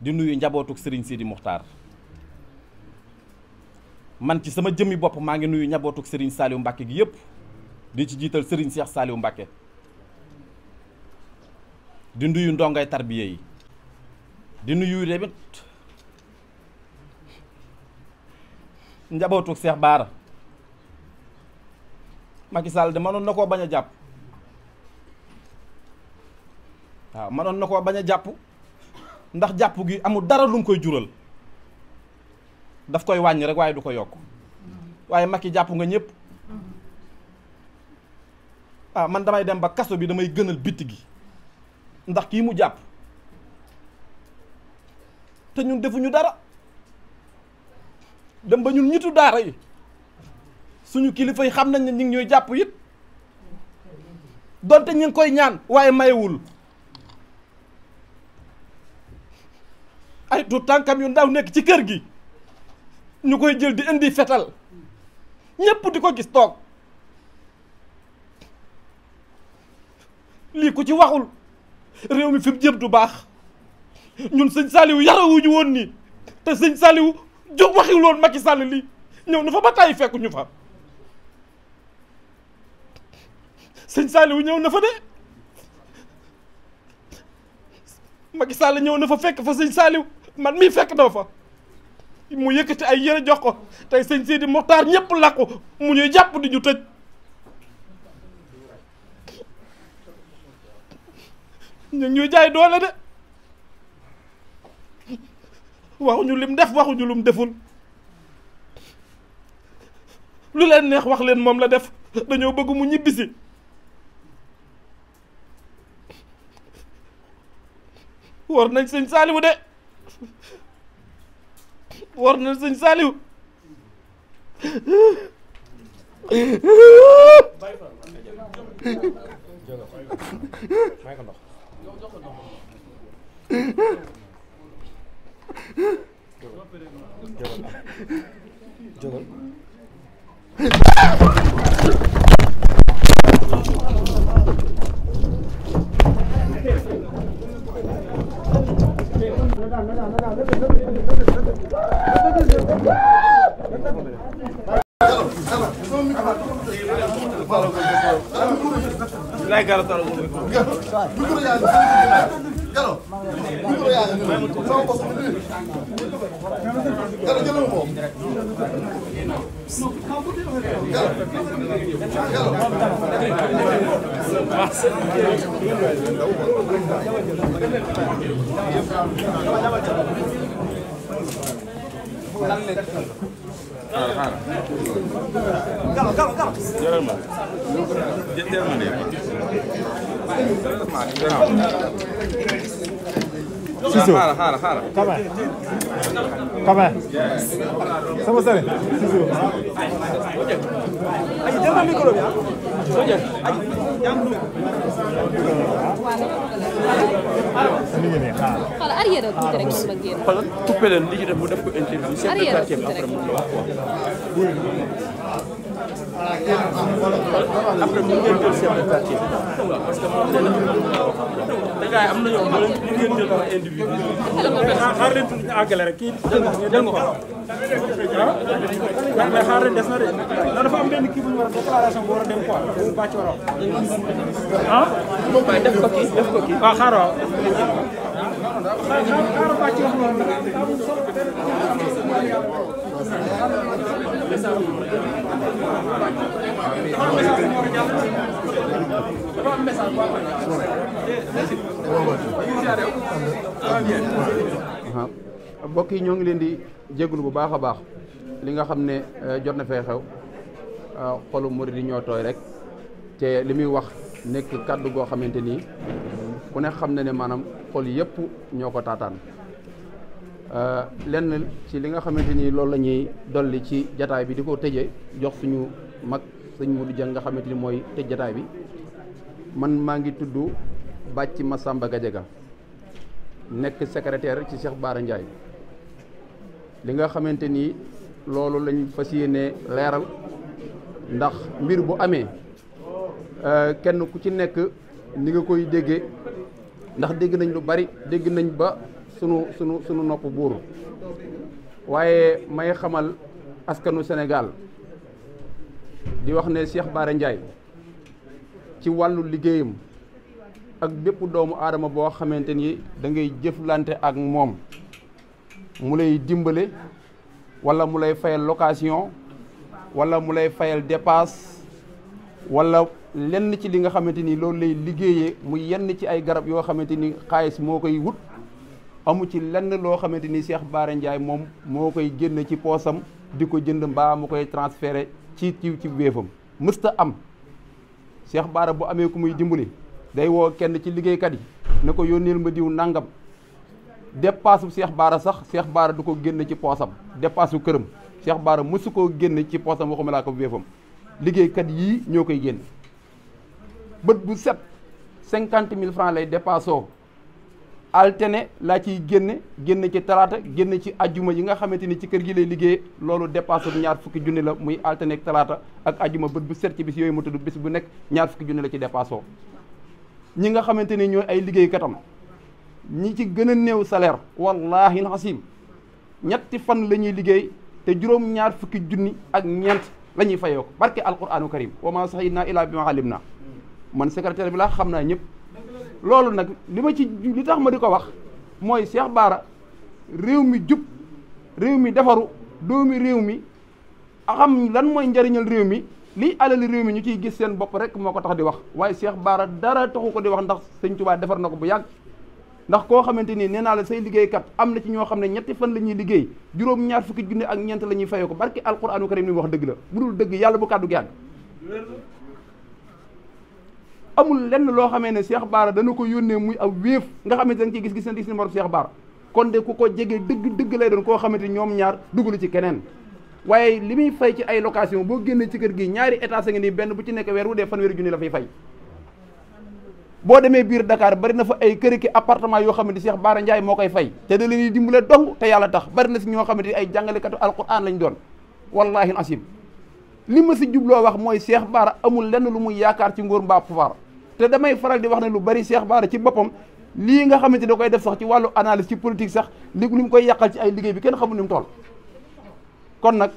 di nuyu njabootuk Serigne Sidi Muxtaar man ci sama jëmmi bopp maa ngi nuyu njabootuk sëriñ Saliou Mbacke gi yëpp di ci jiital Serigne seex Saliou Mbacke di nuyu ndongay tarbiya yi di nuyu tamit njabootuk Cheikh Baara Macky Sall de mënoon na koo bañ a jàpp waaw mënoon na koo bañ a jàpp. ndax jàpp gi amul dara lu mu koy jural daf koy wàññi rek waaye du ko yokk waaye mag yi jàpp nga ñëpp ah man damay dem ba kaso bi damay gënal bitti gi ndax kii mu jàpp te ñun defuñu dara dem ba ñun ñitu daara yi suñu kilifa yi xam nañ ne ñu ngi ñooy jàpp it donte ñu ngi koy ñaan waaye mayewul tu tànkam yu ndaw nekk ci kër gi ñu koy jël di indi fetal ñépp di ko gis toog lii ku ci waxul réew mi fi mu jëm du baax ñun sëñ Saliou yarawuñu woon nii te sëñ Saliou jóg waxiwul woon Macky li ñëw na fa ba tàyyi fekku ñu fa sëñ Saliou ñëw na fa de Macky Sall ñëw na fa fekk fa sëñ Saliou man mii fekk na fa mu yëkkati ay yére jox ko tey sëñ Sidi Moxtaar ñëpp làqu mu ñuy jàpp di ñu tëj ñu ñuy jaay doole de waxuñu lim def waxuñu lum deful lu leen neex wax leen moom la def dañoo bëgg mu ñibbisi war nañ sëñ Saaliwu de war na sëñ Saliou lan la xaaral xaaral. gaaw gaaw gaaw. jëlal ma jëlal ma de. Cissé xaaral xaaral xaaral. Kaba Kaba sama sëriñ Cissé. ay jël ma micro bi ah. li ngeen di xaar. voilà arrière tuuti rek ñu bëgg yéen. xoolal coupé leen li ci def mu def ko interview. arrière tuuti rek chef de quartier bi après mu wax quoi. après ñu ngeen jël chef de quartier parce que moom nee na te gars yi am na ñoo xam ne ngeen jël par individu xaar leen tuuti àggale rek kii dégg nga ko ah? mais xaar leen des na de ndax dafa am benn kii bu ñu war a déclaration bu war a dem quoi bu bàcc war a ah waaye def ko kii def ko kii waaw ah, xaar waaw xaar ah, xaar bàcc wax noonu mbokk yi ñoo ngi leen di jéglu bu baax a baax li nga xam ne euh, jot na fee xew euh, xolu murid di ñoo tooy rek te li muy wax nekk kàddu goo xamante nii ku ne xam na ne maanaam xol yépp ñoo ko taataan Euh, lenn ci li nga xamante ni loolu la ñuy dolli ci jataay bi di ko tëjee jox suñu mag sëñ Modou Dieng nga xamante ni mooy tëj jataay bi man maa ngi tudd Bàcc ma Massamba Gadiaga nekk secrétaire ci Cheikh Bara Ndiaye li nga xamante ni loolu lañ fas yéenee leeral ndax mbir bu amee euh, kenn ku ci nekk ni nga koy déggee ndax dégg nañ lu bari dégg nañ ba sunu sunu sunu nopp buur waaye may xamal askanu Sénégal di wax ne Cheikh Bara Ndiaye ci wàllu liggéeyam ak bépp doomu aadama boo xamante ni da ngay jëflante ak moom mu lay dimbale wala mu lay fayal location wala mu lay fayal depaas wala lenn ci li nga xamante ni loolu lay liggéeyee mu yenn ci ay garab yoo xamante ni xaalis moo koy wut amu ci lenn loo xamante ni seex Bara njaay moom moo koy génn ci poosam di ko jënd mbaa mu koy transféré ci ci ci wéefam mësta am Cheikh Bara bu amee ku muy dimbali day woo kenn ci liggéeykat yi ne ko yónneel ma diw nangam dépasse bu Cheikh Bara sax Cheikh Bara du ko génn ci poosam dépasse bu këram Cheikh Bara mësu koo génn ci poosam waxuma laa ko wéefam liggéeykat yii ñoo koy génn bët bu set cinquante mille francs lay dépassoo altene laa ciy génne génne ci talaata génne ci ajjuma yi nga xamante ni ci kër gi lay liggéey loolu dépassé ñaar fukki junni la muy altene ak talaata ak ajjuma bët bu set ci bis yooyu mu tudd bis bu nekk ñaar fukki junni la ci dépassé ñi nga xamante ni ñooy ay liggéeykatam ñi ci gën a néew salaire wallaahi xasim ñetti fan lañuy liggéey te juróom ñaar fukki junni ak ñeent la ñuy fayoo ko barke alquranu karim wa ma sax naa ilaa bi ma xam naa ñëpp loolu nag li ma ci li tax ma di ko wax mooy Cheikh baara réew mi jub réew mi defaru doomi réew mi xam lan mooy njariñal réew mi liy alali réew mi ñu ciy gis seen bopp rek moo ko tax di wax waaye seex Bara dara taxu ko di wax ndax sëñ Tuubaa defar na ko bu yàgg ndax koo xamante ni nee naa la say liggéeykat am na ci ñoo xam ne ñetti fan la ñuy liggéey juróom ñaar fukki junne ak ñeent la ñuy fayoo ko barki alquraanu karim ni mu wax dëgg la bu dul dëgg bu kàddu gi amul lenn loo xamee ne Cheikh baara dana ko yónnee muy ab wéef nga xamante da nga ciy gis gis nañ si morom Cheikh Bara kon de ku ko jege dëgg dëgg koo xamante ñoom ñaar dugalu ci keneen waaye li muy fay ci ay location boo génnee ci kër gi ñaari étage a benn bu ci nekk weer wu dee fanweeri junni la fay boo demee biir Dakar bari na fa ay kër ki appartement yoo xamante Cheikh Bara Ndiaye moo koy fay te dimbale dong te yàlla tax bari na si ñoo xamante ay jàngalekatu alquran lañ doon wallahi asim li ma si jubloo wax mooy Cheikh Bara amul lenn lu muy yaakaar ci nguur mbaa pouvoir te damay faral di wax ne lu bari Cheikh Bara ci boppam lii nga xamante da koy def sax ci wàllu analyse ci politique sax li mu koy yàqal ci ay liggéey bi kenn xamul ni mu toll kon nag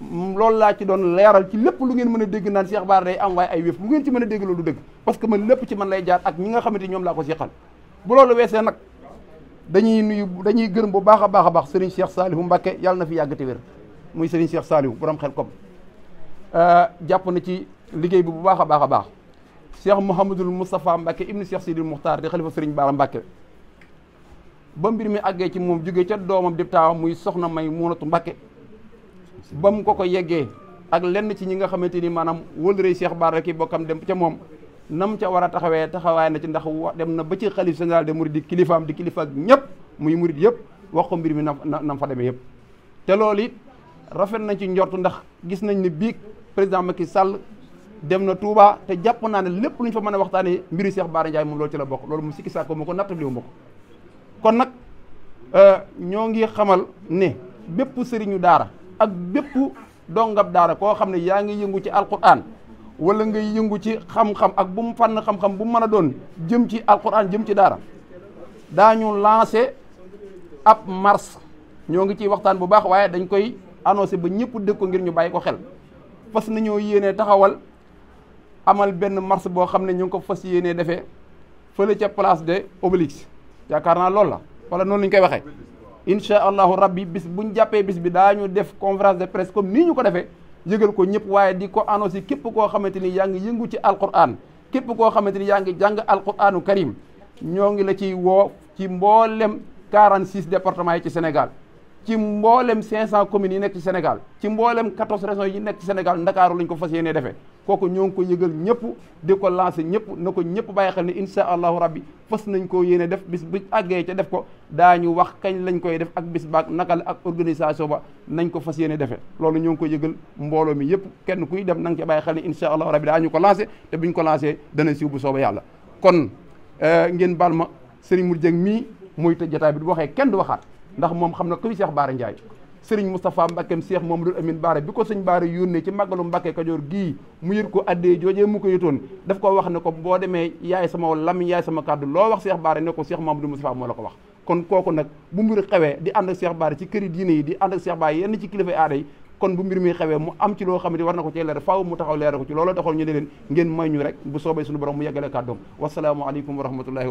loolu laa ci doon leeral ci lépp lu ngeen mën a dégg naan Cheikh Bara ay wéef lu ngeen ci mën a dégg loolu du dëgg parce que man lépp ci man lay jaar ak ñi nga xamante ñoom laa ko seqal bu loolu weesee dañuy nuyu dañuy gërëm bu baax a baax a baax Serigne Cheikh Saliou Mbacké yàlla na fi yàgg te wér muy Serigne Cheikh Saliou borom xel kom euh, jàpp na ci liggéey bi bu baax a baax a baax cheikh Mouhamadul Moustapha Mbacke ibnu cheikh Sidil Muxtaar di xalifa Sëriñ Baara Mbacke ba mbir mi àggee ci moom jógee ca doomam di taawam muy soxna may muunatu Mbacke ba mu ko ko yeggee ak lenn ci ñi nga xamante ni maanaam wëlërëy cheikh Baara boo kam dem ca moom nam ca war a taxawee taxawaay na ci ndax dem na ba ci xalif général de murid di kilifaam di kilifa ak ñëpp muy murid yëpp wax ko mbir mi na nam fa demee yëpp te loolu it rafet nañ ci njortu ndax gis nañ ne bii président Macky Sall dem na Touba te jàpp naa ne lépp lu ñu fa mën a waxtaanee mbiri Cheikh Bara Ndiaye moom loolu ci la bokk loolu mu sikki sàkko ma ko nattaliwu ma nag euh, ñoo ngi xamal ne bépp sëriñu daara ak bépp dongab daara koo xam ne yaa ngi yëngu ci alquran wala nga yëngu ci xam-xam ak bu mu fànn xam-xam bu mu mën a doon jëm ci alquran jëm ci daara daañu lancé ab mars ñoo ngi ciy waxtaan bu baax waaye dañ koy annoncé ba ñëpp dégg ngir ñu bàyyi ko xel fas nañoo yéene taxawal amal benn marche boo xam ne ñu ngi ko fas yéenee defee fële ca place de Obélix yaakaar naa loolu la wala noonu la ñu koy waxee incha allahu rabbi bis bu ñu jàppee bis bi daañu def conférence de presse comme nii ñu ko defee yëgal ko ñëpp waaye di ko annoncé képp koo xamante ni yaa ngi yëngu ci alquran képp koo xamante ni yaa ngi jàng alquranu karim ñoo ngi la ciy woo ci mboolem 46 départements yi ci Sénégal. ci mboolem 500 communes yi nekk ci Sénégal ci mboolem 14 régions yi nekk ci Sénégal ndakaaru lañ ko fas yéenee defee kooku ñoo ngi ko yëgal ñëpp di ko lancé ñëpp na ko ñëpp bàyyi xel ne insha allahu rabbi fas nañ koo yéene def bis bu ca def ko daañu wax kañ lañ koy def ak bis baak naka la ak organisation ba nañ ko fas yéene defee loolu ñëw ngi ko yëgal mbooloo mi yëpp kenn kuy def na nga ca bàyyi xel ne insha allahu rabbi daañu ko lancé te buñ ko lancé dana siiw bu sooba yàlla kon euh, ngeen baal ma Serigne Modou Dieng mii muy tëj jotaay bi du waxee kenn du waxaat ndax moom xam na kuy Cheikh Baara Ndiaye Serigne Moustapha Mbakkeem Cheikh Mamadou Amine Baara bi ko sëñ Baara yónnee ci màggalu Mbàkke Kajoor gii mu yët ko addee joojee mu ko yëtoon daf ko wax ne ko boo demee yaay sama lamiñ yaay sama kàddu loo wax Cheikh Baara ne ko Cheikh Mamadou Moustapha moo la ko wax kon kooku nag bu mbir xewee di ànd ak Cheikh Baara ci këri diine yi di ànd ak Cheikh Baara yenn ci kilifa aada yi kon bu mbir mi xewee mu am ci loo xam ne war na ko ci leer faaw mu taxaw leer ko ci looloo taxoon ñu ne leen ngeen may ñu rek bu soobee suñu borom mu yeggale kàddoom wasalaamu aleykum wa rahmatullahi